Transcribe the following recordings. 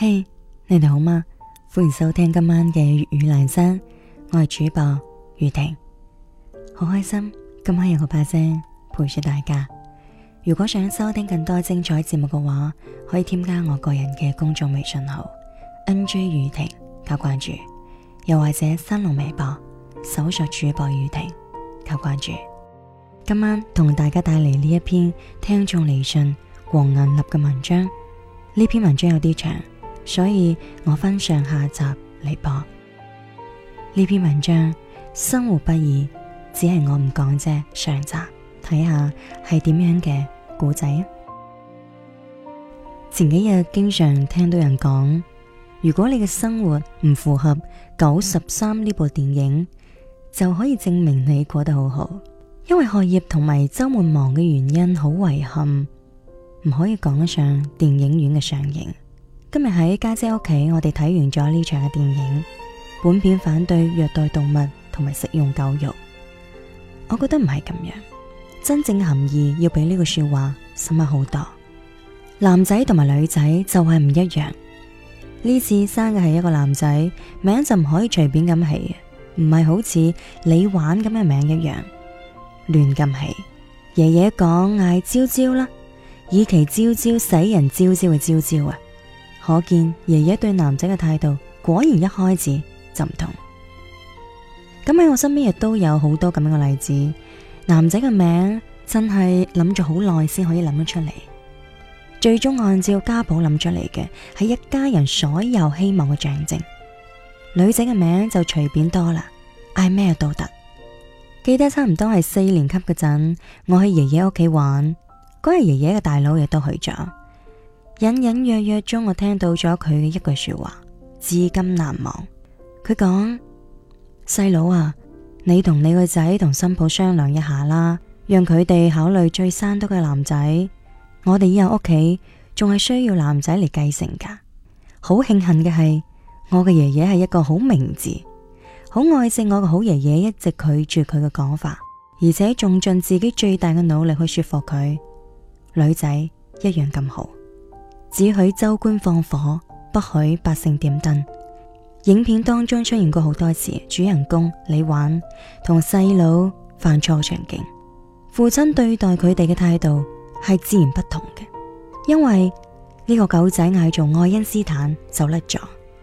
嘿，hey, 你哋好嗎？歡迎收聽今晚嘅粵語靚聲，我係主播雨婷，好開心今晚有個把聲陪住大家。如果想收聽更多精彩節目嘅話，可以添加我個人嘅公眾微信號 n j 雨婷加關注，又或者新浪微博搜索主播雨婷加關注。今晚同大家帶嚟呢一篇聽眾嚟信黃銀立嘅文章，呢篇文章有啲長。所以我分上下集嚟播呢篇文章。生活不易，只係我唔講啫。上集睇下係點樣嘅故仔啊！前幾日經常聽到人講，如果你嘅生活唔符合狗十三呢部電影，就可以證明你過得好好。因為學業同埋周末忙嘅原因，好遺憾唔可以趕上電影院嘅上映。今日喺家姐屋企，我哋睇完咗呢場嘅電影。本片反對虐待動物同埋食用狗肉，我覺得唔係咁樣。真正含義要比呢句說話深刻好多。男仔同埋女仔就係唔一樣。呢次生嘅係一個男仔，名就唔可以隨便咁起，唔係好似李玩咁嘅名一樣亂咁起。爺爺講嗌昭昭啦，以其昭昭使人昭昭嘅昭昭啊。可見爺爺對男仔嘅態度果然一開始就唔同。咁喺我身邊亦都有好多咁樣嘅例子。男仔嘅名真係諗咗好耐先可以諗得出嚟，最終按照家譜諗出嚟嘅係一家人所有希望嘅象徵。女仔嘅名就隨便多啦，嗌咩都得，特，記得差唔多係四年級嗰陣，我去爺爺屋企玩，嗰日爺爺嘅大佬亦都去咗。隱隱約約中，我聽到咗佢嘅一句說話，至今難忘。佢講：細佬啊，你同你個仔同新抱商量一下啦，讓佢哋考慮再生多個男仔。我哋以後屋企仲係需要男仔嚟繼承噶。好慶幸嘅係，我嘅爺爺係一個好明智、好愛惜我嘅好爺爺一直拒絕佢嘅講法，而且仲盡自己最大嘅努力去說服佢。女仔一樣咁好。只許州官放火，不許百姓點燈。影片當中出現過好多次，主人公李玩同細佬犯錯場景，父親對待佢哋嘅態度係自然不同嘅。因為呢個狗仔嗌做愛因斯坦走甩咗，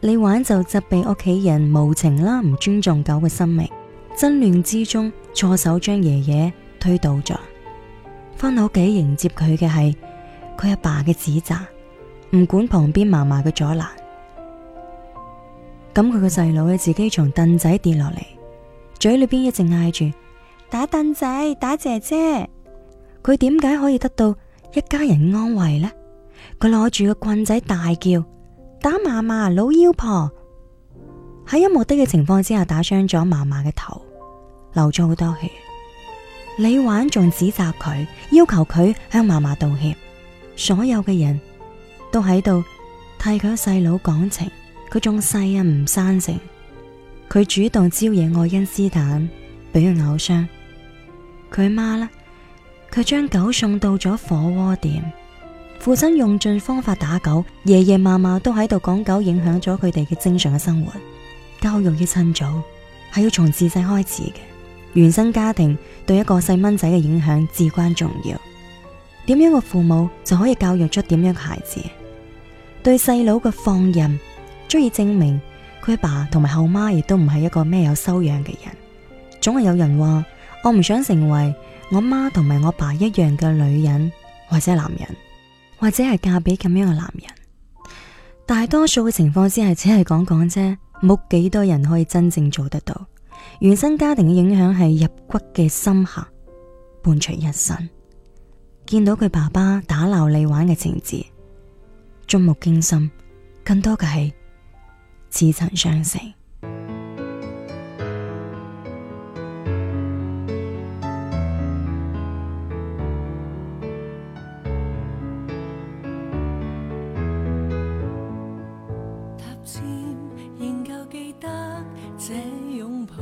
李玩就責備屋企人無情啦，唔尊重狗嘅生命。爭亂之中，錯手將爺爺推倒咗，翻屋企迎接佢嘅係佢阿爸嘅指責。唔管旁邊嫲嫲嘅阻攔，咁佢個細佬呢，自己從凳仔跌落嚟，嘴裏邊一直嗌住打凳仔，打姐姐。佢點解可以得到一家人安慰呢？佢攞住個棍仔大叫打嫲嫲老妖婆，喺有目的嘅情況之下打傷咗嫲嫲嘅頭，流咗好多血。李玩仲指責佢，要求佢向嫲嫲道歉。所有嘅人。都喺度替佢細佬講情，佢仲細啊，唔生性，佢主動招惹愛因斯坦俾佢咬傷。佢媽啦，佢將狗送到咗火鍋店，父親用盡方法打狗，爺爺嫲嫲都喺度講狗影響咗佢哋嘅正常嘅生活。教育要趁早，係要從自細開始嘅。原生家庭對一個細蚊仔嘅影響至關重要。點樣個父母就可以教育出點樣嘅孩子？對細佬嘅放任，足以證明佢爸同埋後媽亦都唔係一個咩有修養嘅人。總係有人話：我唔想成為我媽同埋我爸一樣嘅女人，或者男人，或者係嫁俾咁樣嘅男人。大多數嘅情況之下，只係講講啫，冇幾多人可以真正做得到。原生家庭嘅影響係入骨嘅深刻，伴隨一生。見到佢爸爸打鬧李玩嘅情節。觸目驚心，更多嘅係似曾相識。他朝仍舊記得這擁抱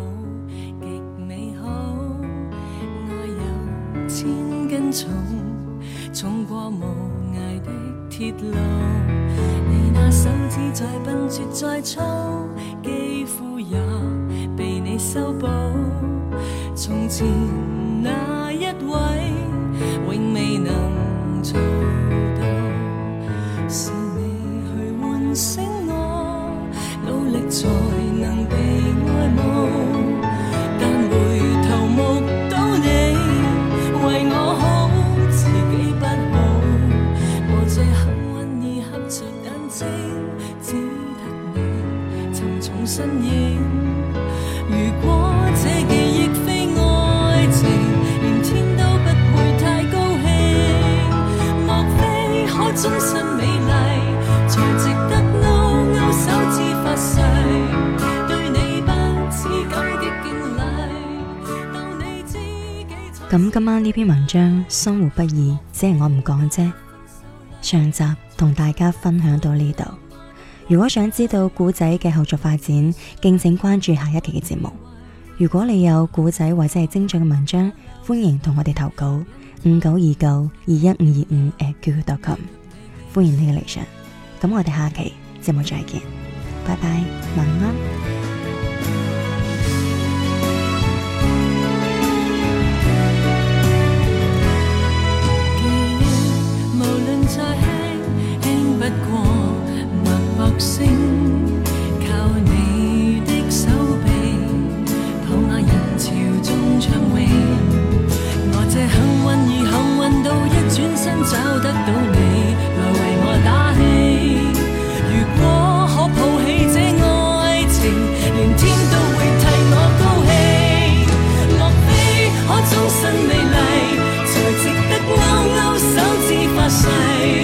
極美好，愛有千斤重，重過無。鐵路，你那手指再笨拙再粗，肌膚也被你修補。從前那一位。咁今晚呢篇文章生活不易，只係我唔講啫。上集同大家分享到呢度。如果想知道古仔嘅後續發展，敬請關注下一期嘅節目。如果你有古仔或者係精彩嘅文章，歡迎同我哋投稿五九二九二一五二五 @qq.com。歡迎你嘅嚟上，咁我哋下期節目再見，拜拜，晚安。得到你來為我打氣，如果可抱起這愛情，連天都會替我高興。莫非可終身美麗，才值得勾勾手指發誓？